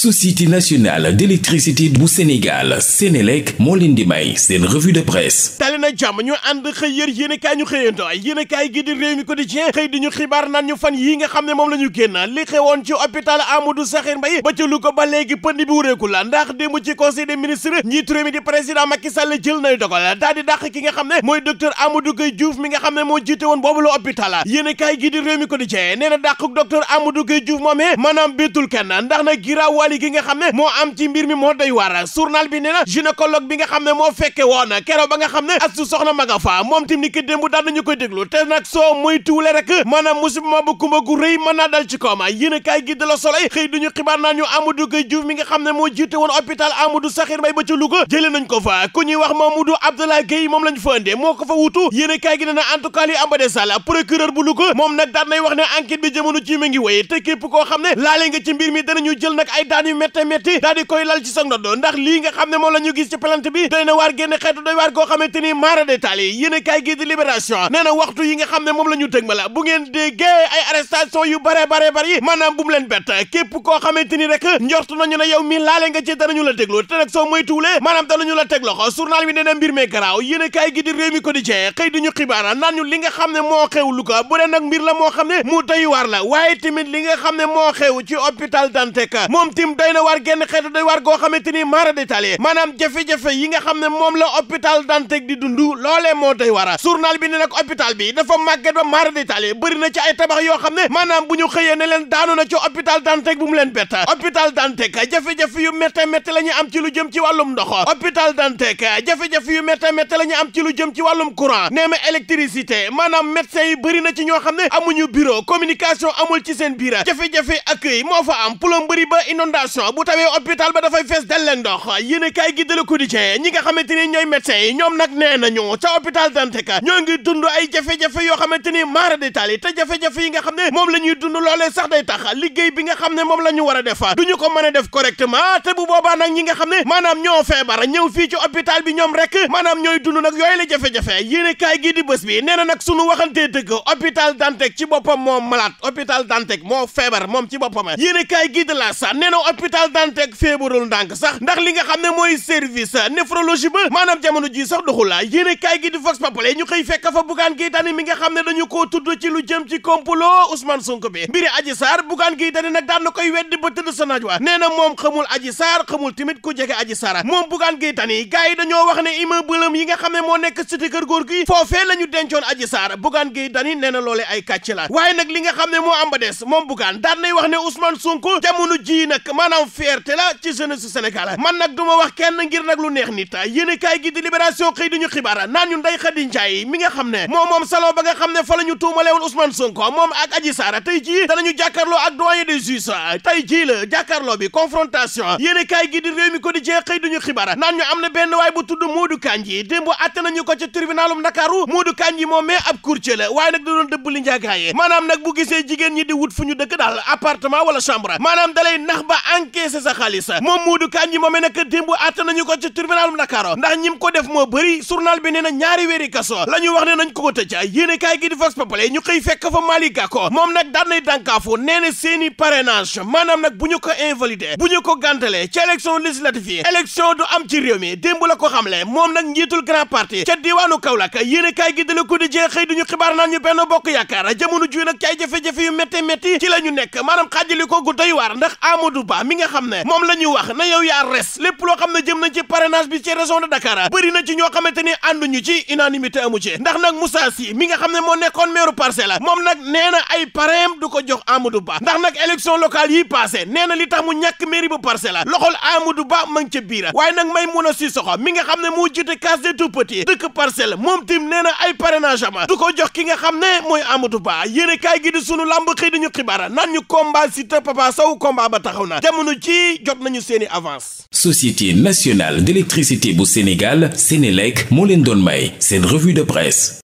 société nationale d'électricité bu Sénégal Sénélec moo leen di may seen revue de presse tali na jàmm ñu ànd xëy yër yéen ñu xëyanto yéen i gi di réew mi quotidien xëy di ñu xibaar naan ñu fan yi nga xam ne moom la ñu génn li xewoon ci hôpital Amadou Sakhir Mbaye ba ci ko ba léegi pënd bi wureeku la ndax démb ci conseil des ministres njiitu réew mi di président Macky jël nay dogal daal di dàq ki nga xam ne mooy docteur Amadou Gueye Diouf mi tàqali gi nga xam ne moo am ci mbir mi moo doy waar journal bi nee na bi nga xam ne moo fekke woon keroog ba nga xam ne astu soxna ma nga fa moom tim ni ki démb daan nañu koy déglu te nag soo muy tuule rek maanaam musiba ma bu kumba gu rëy mën naa dal ci kooma yéen a kaay gi de la xëy duñu xibaar naa ñu Amadou Gueye Diouf mi nga xam ne moo jiite woon hôpital Amadou Sakhir Mbaye ba ca Louga jëlee nañ ko fa ku ñuy wax Mamadou Abdoulaye Gueye moom lañ fa moo ko fa a kaay gi nee na en tout wax ne enquête bi jamono ci ngi wéy te képp koo xam ne laale nga ci mbir mi danañu jël nag ay daan yu métte xam ne moom la ñu gis ci plante bi na waar génn xeetu a xam ne moom la la bu ngeen déggee yu bare bare bari maanaam bu mu leen bett képp koo xamante ni rek njort nañu ne yow mi ci danañu la déglu te nag soo moytuwulee maanaam danañu la teg loxo journal bi nee na mbir mee garaaw yéen a kaay gi di réew mi quotidien xëy ñu xibaara naan ñu li nga xam ne moo xew lu ko bu dee nag mbir la moo xam ne mu doy waar la waaye tamit li nga xam ne moo xew ci hôpital Dantec moom tim mbirum doy na waar genn xeetu doy waar goo xamante ni maara détaillé maanaam jafe-jafe yi nga xam ne moom la hôpital Dantec di dund loolee moo doy waar journal bi ne nag hôpital bi dafa màgget ba maara détaillé bëri na ci ay tabax yoo xam ne maanaam bu ñu xëyee ne leen daanu na ci hôpital Dantec bu mu leen bett hôpital Dantec jafe-jafe yu métte métte la ñu am ci lu jëm ci wàllum ndox hôpital Dantec jafe-jafe yu métte métte la am ci lu jëm ci wàllum courant nee ma électricité maanaam médecins yi bëri na ci ñoo xam ne amuñu bureau communication amul ci seen biir jafe-jafe accueil moo fa am plomberie inondation bu tawee hôpital ba dafay fees del leen ndox yéen a kaay gi de Le Quotidien ñi nga xamante ni ñooy médecin yi nee nañu ca hôpital Danteka ñoo ngi moom la ñuy dund loolee sax moom a def du a def correctement ci hôpital bi ñoom rek la jafe a kaay nee na nag sunu waxantee ci boppam moom malade hôpital Dantec moo feebar moom ci boppam yéen a kaay la sa hôpital Dantec feebarul ndànk sax ndax li nga xam ne mooy service néphrologie ba maanaam jamono ji sax doxula ah yéene kaay gi di Vox Populi ñu koy fekk fa Bougane Gueye Dany mi nga xam ne dañu koo tudd ci lu jëm ci complot Ousmane Sonko bi mbiri Adji Sarr Bougane Gueye Dany nag daan na koy weddi ba tëdd sa naj waa nee na moom xamul Adji Sarr xamul tamit ku jege Adji Sarr moom Bougane Gueye Dany gars yi dañoo wax ne immeuble yi nga xam ne moo nekk cité kër góor gi foofee la ñu dencoon Adji Sarr Bougane Gueye Dany nee na loolee ay kàcc la waaye nag li nga xam ne moo am ba des moom Bougane daan nay wax ne Ousmane Sonko jamono ji nag maanaam fierté la ci jeunesse su man nag du ma wax kenn ngir nag lu neex nit yéen kaay gi di libération xëy ñu xibaar naan ñu Ndeye Khady Ndiaye mi nga xam ne moom moom salon ba nga xam ne fa la ñu tuumale woon Ousmane Sonko moom ak Adji Sarr tey jii danañu jàkkaarloo ak doyen des juges tey jii la jàkkaarloo bi confrontation yéen kaay gi di ko di jee xëy diñu xibaar naan ñu am na benn waay bu tudd Modou Kandji démb atte nañu ko na tribunalum Ndakaaru Modou Kandji moom mais ab courtier gisee jigéen ñi di wut fu ñu dëkk daal appartement wala chambre maanaam dalay nax ba encaissé sa xaalis moom Modou Kandji moomee nag démb àtt nañu ko ci tribunalum Dakar ndax ñim ko def moo bëri journal bi nee ñaari weeri kaso la ñu wax ne nañ ko ko tëj yéen kaay gi di Vox ñu xëy fekk fa Malick Gakou moom nag daan nay dànkaafu nee na seeni parrainage maanaam nag bu ñu ko invalidé bu ñu ko gàntalee ci élection législative yi élection du am ci réew mi démb la ko xamle moom nag njiitul grand parti ca diwaanu Kaolack yéen kaay gi di la ko di jeex xëy duñu xibaar ñu benn bokk yaakaar jamono ju nag ci ko gu doy Ba mi nga xam ne moom la ñuy wax na yow yaa res lépp loo xam ne jëm nañ ci parrainage bi ci région de Dakar bëri na ci ñoo xamante ni ànduñu ci unanimité amu ci ndax nag Moussa Sy mi nga xam ne moo nekkoon meeru Parcelles moom la nee na ay parrain du ko jox Amadou Ba ndax nag élection locale yi nee na li tax mu ñàkk mairie bu Parcelles loxol Amadou Ba ma ngi ca mi nga xam ne moo jiite Case des Tout-Petits dëkk Parcelles moom tim nee na ay parrainage am du ko jox ki nga xam ne mooy Amadou Ba yéene kaay gi di sunu lamb xëy dañu xibaar naan ñu combat Siteu Papa taxaw na jamono ji jot nañu seeni avance société nationale d'électricité bu Sénégal Sénélec moo leen doon may seen revue de presse